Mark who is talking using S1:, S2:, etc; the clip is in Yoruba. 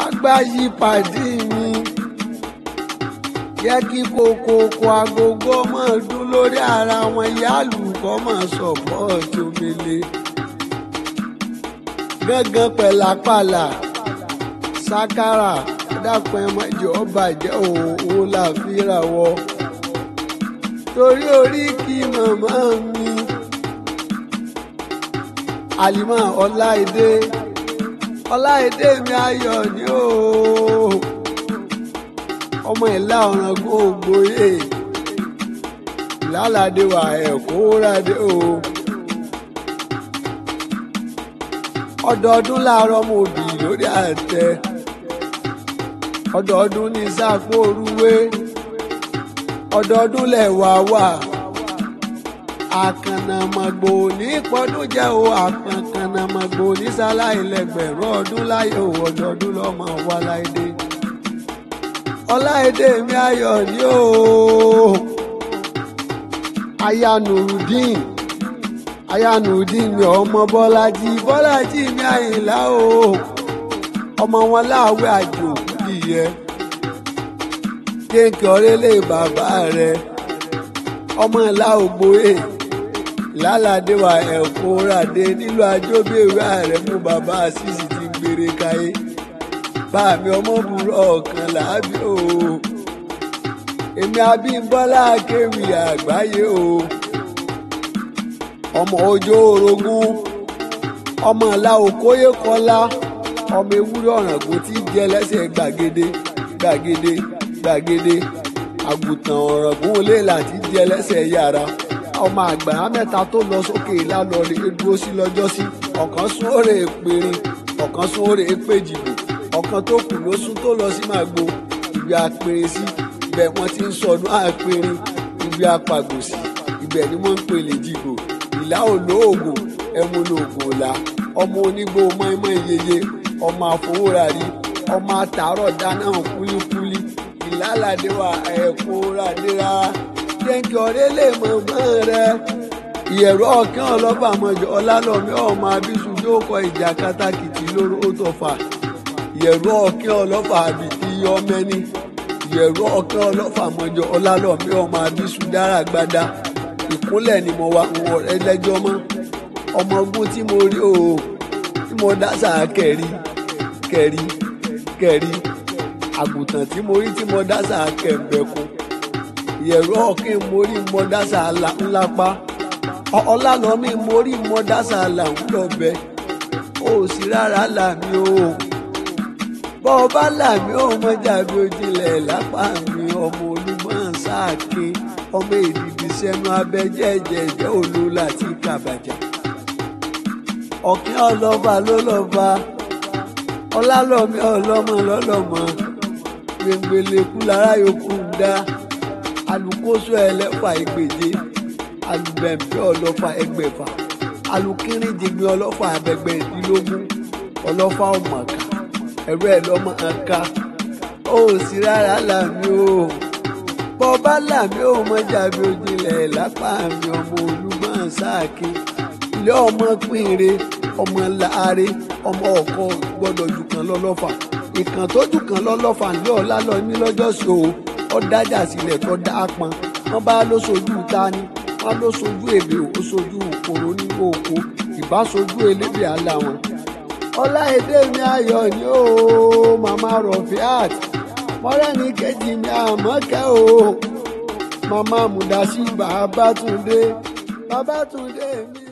S1: agbáyí pàdé mi jẹ́ kí kokoko agogo mọ̀ dún lórí ara wọn yálù kọ́ mọ̀ sọ̀pọ̀ tòmele gángan pẹ̀lápàlà sakara dákun ẹ má jẹ́ ó bàjẹ́ òwò la fi rà wọ torí orí kí màmá mi àlìmọ́ ọláìdé. ọláìdé mi ayọ̀ ni o ọmọ ìlà ọ̀ràn kò gbòye lálàdé wà ẹ̀ kó rádé o. ọdọọdún láàárọ̀ ọmọ òbí lórí àtẹ ọdọọdún ní sáà kó orúwé ọdọọdún lẹ̀ wá wà. àkànnàmọ̀gbò ní pọ́dún jẹ́ o àkànnàmọ̀gbò ní sáláìlẹ́gbẹ̀rún ọdún láyé o ọ̀dọ́dún lọ́mọ wa láìdé ọláìdé mi ayọ̀ ni o Aya ayanurudin mi ọmọ bọ́lájí bọ́lájí mi àyìnlá o ọmọ wọn láàwẹ̀ àjò nìyẹn kéńkì ọ̀rẹ́lẹ̀ bàbá rẹ̀ ọmọ ìlà ògbóyè lálàdé wa ẹ̀kọ́ ràdé nílò ajóbèrè ààrẹ mú bàbá àṣìṣì ti gbére káyé bàmí ọmọ burú ọ̀kan làábí o èmi abímbọ́lá akéwì àgbáyé o ọmọ ọjọ́ orogún ọmọ ọ̀la òkóyè kọlá ọmọ ewúrẹ́ ọ̀ràngún tí jẹ́ lẹ́sẹ̀ gbàgede gbàgede gbàgede àgùntàn ọ̀ràngún olè láti jẹ́ lẹ́sẹ̀ yàrá ọmọ àgbà mẹ́ta tó lọ sókè lálọ́ọ̀rì dúró sí lọ́jọ́sí ọ̀kan sún òrè pèrè ọ̀kan sún òrè péjìbò ọ̀kan tó kù ló sún tó lọ sí màgbo ìgbé apèrè sí ibẹ̀ wọ́n ti ń sọdún àpèrè ìgbé apàgò sí ibẹ̀ ni wọ́n ń pèlè jìbò ìlà olóògùn ẹmu olóògùn ọ̀la ọmọ onígbò mọ́ẹ́mọ́ ìyeye ọmọ àfowórà rí ọmọ àtàárọ̀ dáná kúlíkúlí ìlàládéwà ẹ̀kọ́ ràdéra jẹ́ǹkì ọ̀rẹ́ lè mọ̀ mọ́ rẹ ìyẹ̀rọ ọ̀kẹ́ ọlọ́ba àmọ̀jọ ọlálọ́mí ọmọ abisu yóò kọ ìjà katakìtì lóru ó tọ̀fà ìyẹ̀rọ ọ̀kẹ́ ọlọ́fà àbìtì yọmẹ́ni ìyẹ̀rọ ọ̀kẹ́ ọlọ́fà àmọ̀jọ ọlálọ́mí ọmọ abisu dára gbada ìkúnlẹ̀ ni mo wà wọ̀ ẹlẹ́jọ́ mọ́ ọmọ ogun tí mo rí o tí mo dá sáà kẹ̀rí kẹ̀rí kẹ̀rí àgùntàn tí mo rí tí mo dá sáà kẹ̀mbẹ̀kùn. yẹ̀rọ ọ̀kìn mórí mọ́ dáṣà àlà ńlá pa ọ̀lànà mi mórí mọ́ dáṣà àlà ńlọ bẹ ó sì rárá là mí o bọ́ ọ bá là mí lápá mi ọmọ olúmọ̀ ọmọ èdìdì sẹ́nu abẹ́jẹ́jẹ́jẹ́ láti ọ̀kẹ́ ọlọ́ba ló ọlọ́mọ lọ́lọ́mọ gbẹngbẹlẹ́kú lára yòókù ń alukoso ẹlẹ́fà ẹgbèje alubẹ̀m̀pẹ́ ọlọ́fà ẹgbẹ̀fà alukínrìndínlẹ́ ọlọ́fà abẹgbẹ̀ ìdílógún ọlọ́fà ọmọọ̀ká ẹ̀rọ ẹ̀ lọ́mọ ẹ̀ka ó sì rárá làmì o bọ́ọ̀bá làmì ò mọ́jà bí lápá mi ọmọ olúmọ̀ sáàkì ilé ọmọ pínre ọmọ láàárẹ̀ ọmọ ọ̀kọ́ gbọ́dọ̀ jù kan lọ́lọ́fà ìkàn kan lọ́lọ́fà ńlẹ́ ọ̀la lọ ní lọ́jọ́sí o ọ̀dájà sílẹ̀ tó dá a pọn wọ́n bá ló sojú ta ni wọ́n ló sojú èlé ò sojú òkòrò ní òkò ìbá sojú elédè àlà wọn. ọláìdé mi ayọ̀ ni ó màmá Rọ̀fíàt mọ́rẹ́ ní kejì mi àmọ́kẹ́ o màmá mùdásí bàbá túndé bàbá túndé mi.